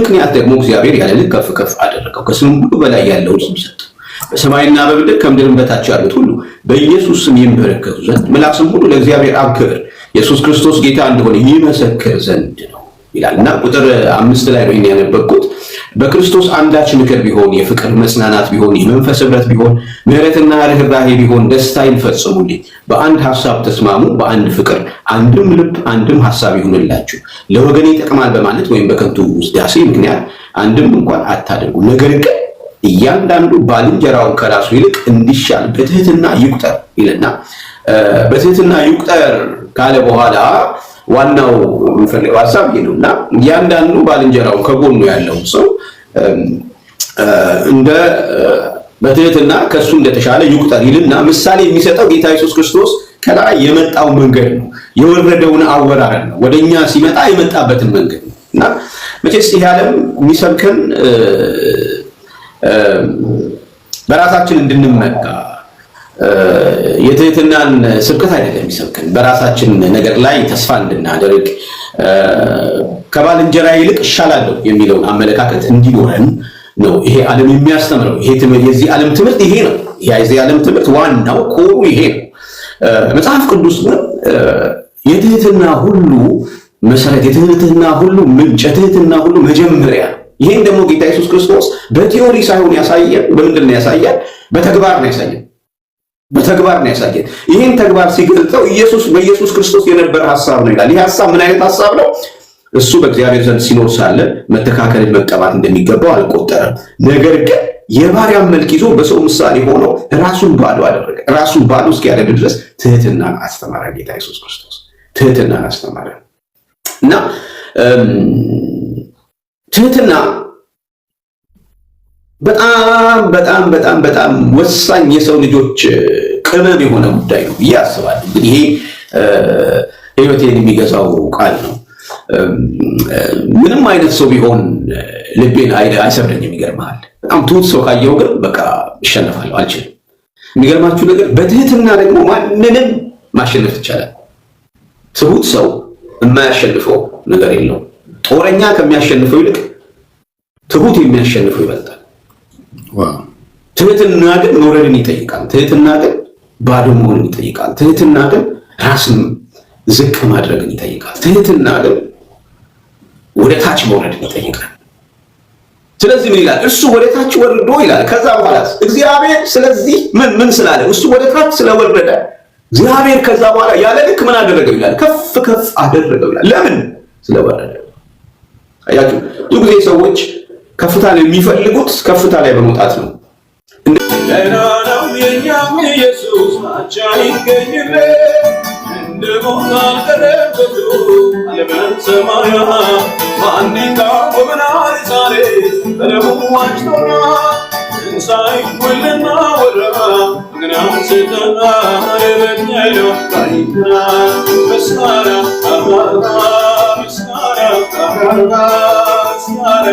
ምክንያት ደግሞ እግዚአብሔር ያለ ልክ ከፍ ከፍ አደረገው፣ ከስም ሁሉ በላይ ያለውን ስም ሰጠው። በሰማይና በምድር ከምድርም በታች ያሉት ሁሉ በኢየሱስ ስም ይንበረከኩ ዘንድ ምላስም ሁሉ ለእግዚአብሔር አብ ክብር ኢየሱስ ክርስቶስ ጌታ እንደሆነ ይመሰክር ዘንድ ነው ይላል እና ቁጥር አምስት ላይ ነው ይህን ያነበብኩት። በክርስቶስ አንዳች ምክር ቢሆን የፍቅር መጽናናት ቢሆን የመንፈስ ህብረት ቢሆን ምሕረትና ርኅራሄ ቢሆን ደስታ ይንፈጽሙልኝ በአንድ ሀሳብ ተስማሙ፣ በአንድ ፍቅር፣ አንድም ልብ፣ አንድም ሀሳብ ይሁንላችሁ። ለወገን ይጠቅማል በማለት ወይም በከንቱ ውዳሴ ምክንያት አንድም እንኳን አታደርጉ። ነገር ግን እያንዳንዱ ባልንጀራውን ከራሱ ይልቅ እንዲሻል በትህትና ይቁጠር ይልና በትህትና ይቁጠር ካለ በኋላ ዋናው የምፈልገው ሀሳብ ይሄ ነው እና እያንዳንዱ ባልንጀራው ከጎኑ ያለው ሰው እንደ በትህትና ከእሱ እንደተሻለ ይቁጠር ይልና ምሳሌ የሚሰጠው ጌታ ኢየሱስ ክርስቶስ ከላይ የመጣው መንገድ ነው። የወረደውን አወራረድ ነው። ወደ እኛ ሲመጣ የመጣበትን መንገድ ነው እና መቼስ ይህ ዓለም የሚሰብከን በራሳችን እንድንመካ የትህትናን ስብከት አይደለም የሚሰብክን። በራሳችን ነገር ላይ ተስፋ እንድናደርግ ከባልንጀራ ይልቅ እሻላለሁ የሚለውን አመለካከት እንዲኖረን ነው ይሄ ዓለም የሚያስተምረው። የዚህ ዓለም ትምህርት ይሄ ነው። የዚህ ዓለም ትምህርት ዋናው ኮሩ ይሄ ነው። መጽሐፍ ቅዱስ ግን የትህትና ሁሉ መሰረት፣ የትህትና ሁሉ ምንጭ፣ የትህትና ሁሉ መጀመሪያ ይህን ደግሞ ጌታ ኢየሱስ ክርስቶስ በቲዮሪ ሳይሆን ያሳየን። በምንድን ነው ያሳየን? በተግባር ነው ያሳየን። በተግባር ነው ያሳየን። ይህን ተግባር ሲገልጠው ኢየሱስ በኢየሱስ ክርስቶስ የነበረ ሐሳብ ነው ይላል። ይህ ሐሳብ ምን አይነት ሐሳብ ነው? እሱ በእግዚአብሔር ዘንድ ሲኖር ሳለ መተካከልን መቀባት እንደሚገባው አልቆጠረም። ነገር ግን የባሪያን መልክ ይዞ በሰው ምሳሌ ሆኖ ራሱን ባዶ አደረገ። ራሱን ባዶ እስኪያደርግ ድረስ ትህትናን አስተማረ። ጌታ ኢየሱስ ክርስቶስ ትህትናን አስተማረ እና ትህትና በጣም በጣም በጣም በጣም ወሳኝ የሰው ልጆች ቅመም የሆነ ጉዳይ ነው ብዬ አስባለሁ። እንግዲህ ይሄ ህይወቴን የሚገዛው ቃል ነው። ምንም አይነት ሰው ቢሆን ልቤን አይሰብረኝም። የሚገርመል በጣም ትሁት ሰው ካየው ግን በቃ እሸነፋለሁ፣ አልችልም። የሚገርማችሁ ነገር በትህትና ደግሞ ማንንም ማሸነፍ ይቻላል። ትሁት ሰው የማያሸንፈው ነገር የለውም። ጦረኛ ከሚያሸንፈው ይልቅ ትሁት የሚያሸንፈው ይበልጣል። ትህትና ግን መውረድን ይጠይቃል። ትህትና ግን ባዶ መሆንን ይጠይቃል። ትህትና ግን ራስን ዝቅ ማድረግን ይጠይቃል። ትህትና ግን ወደ ታች መውረድን ይጠይቃል። ስለዚህ ምን ይላል? እሱ ወደ ታች ወርዶ ይላል። ከዛ በኋላ እግዚአብሔር ስለዚህ ምን ምን ስላለ እሱ ወደ ታች ስለወረደ እግዚአብሔር ከዛ በኋላ ያለ ልክ ምን አደረገው ይላል? ከፍ ከፍ አደረገው ይላል። ለምን ስለወረደ። አያችሁ ብዙ ጊዜ ሰዎች ከፍታ ላይ የሚፈልጉት ከፍታ ላይ በመውጣት ነው። ለናናው የኛም ኢየሱስ አቻ ይገኝለ እንደሞታ I'm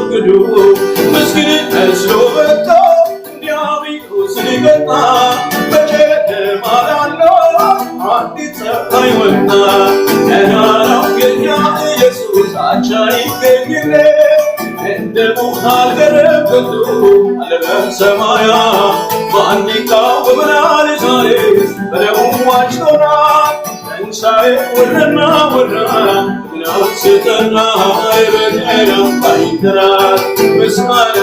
Let's get it as low. ሲመጣ በጨለማ ላለው አዲስ ጸሐይ ወጣ። ለናራው የኛ ኢየሱስ አቻ ይገኝል እንደ ሙሃር ገረብቱ አለበም ሰማያ በአንዲቃው በምናል ዛሬ በደሙ ዋጅቶና ትንሣኤ ወረና ወራ ናስጠና አይበጤና አይንተራ ምስማያ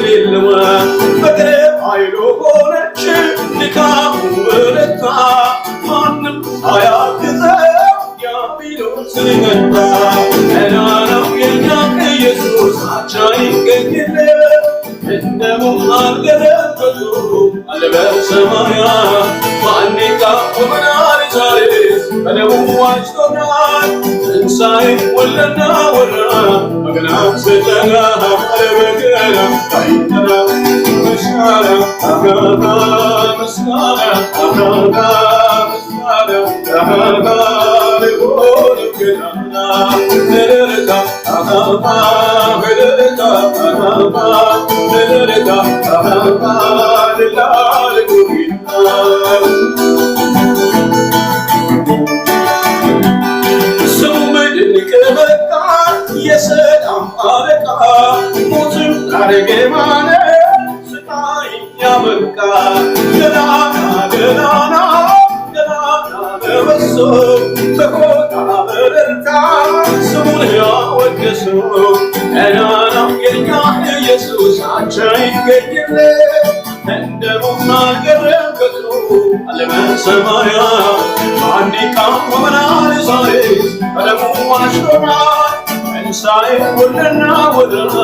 የሌለማ ፍቅር ኃይሎ ሆነች ድካሙ በረታ ማንም አያግዘው ያቢለው ስንገባ እናናው የኛ ኢየሱስ አቻ ይገኝል እንደሙም አልገለበቱ አልበሰማያ ማኒቃ ወመናል ዛሬ በደቡብ ዋጅቶናል ትንሣኤ ወለና ወራ መግናት ስለጋ Yes, sir, I'm gonna the car. Motor, አንቻይን ገድለ እንደሙና ገረም ገጥሎ ዓለምን ሰማያ አንዲ ቃም ወመናል ዛሬ ቀለሙ አሽሮናል እንሳይ ወደና ወደና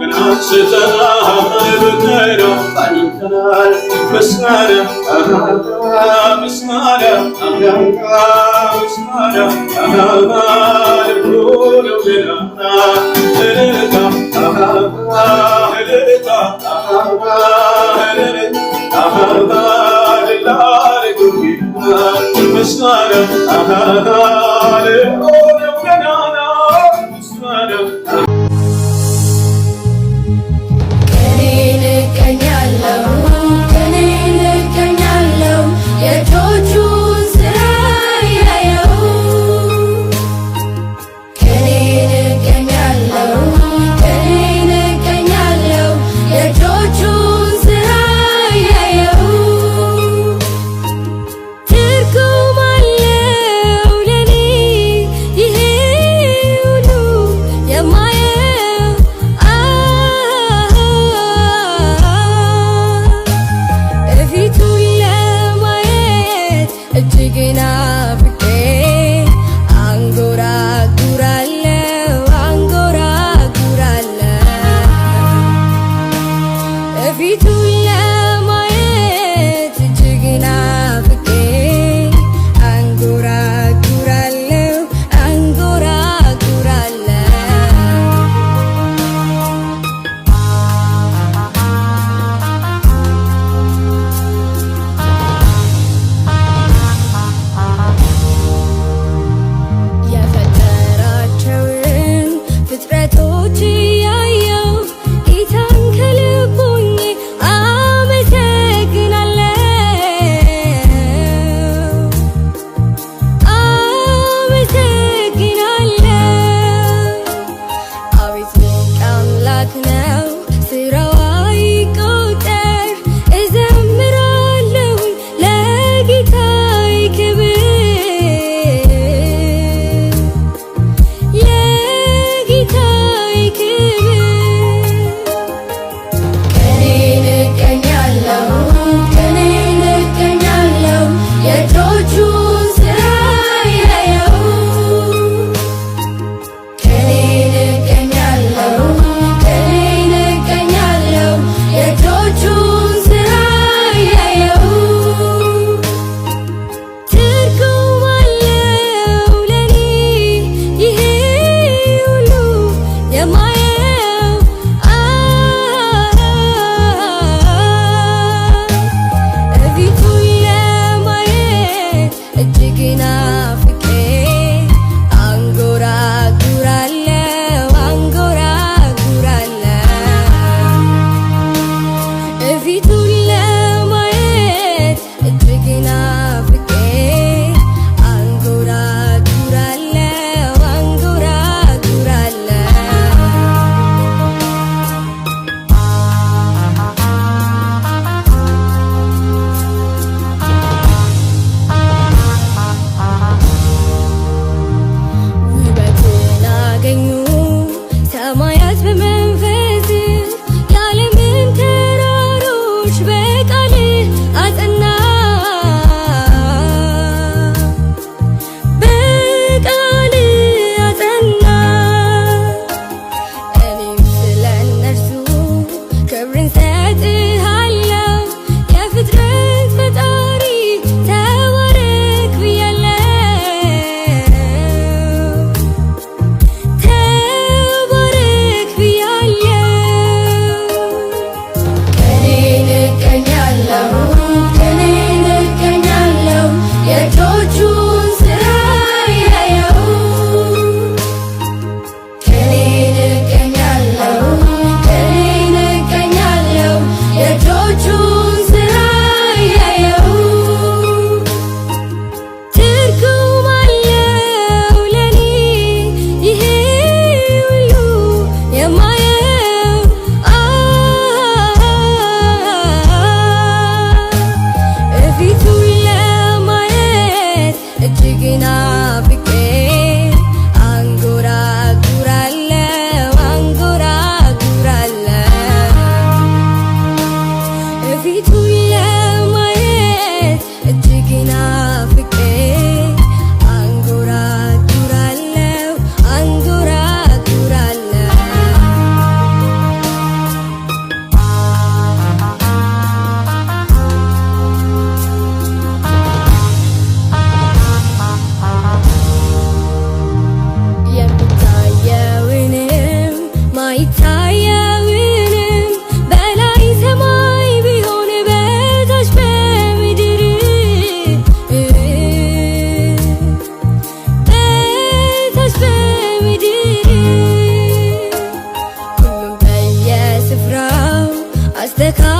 ገናት ስተና በቀይራ ታኝተናል ምስጋና ምስጋና ምስጋና ምስጋና ብሎ ነው ዜና ha ha ha ha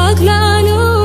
так гляну.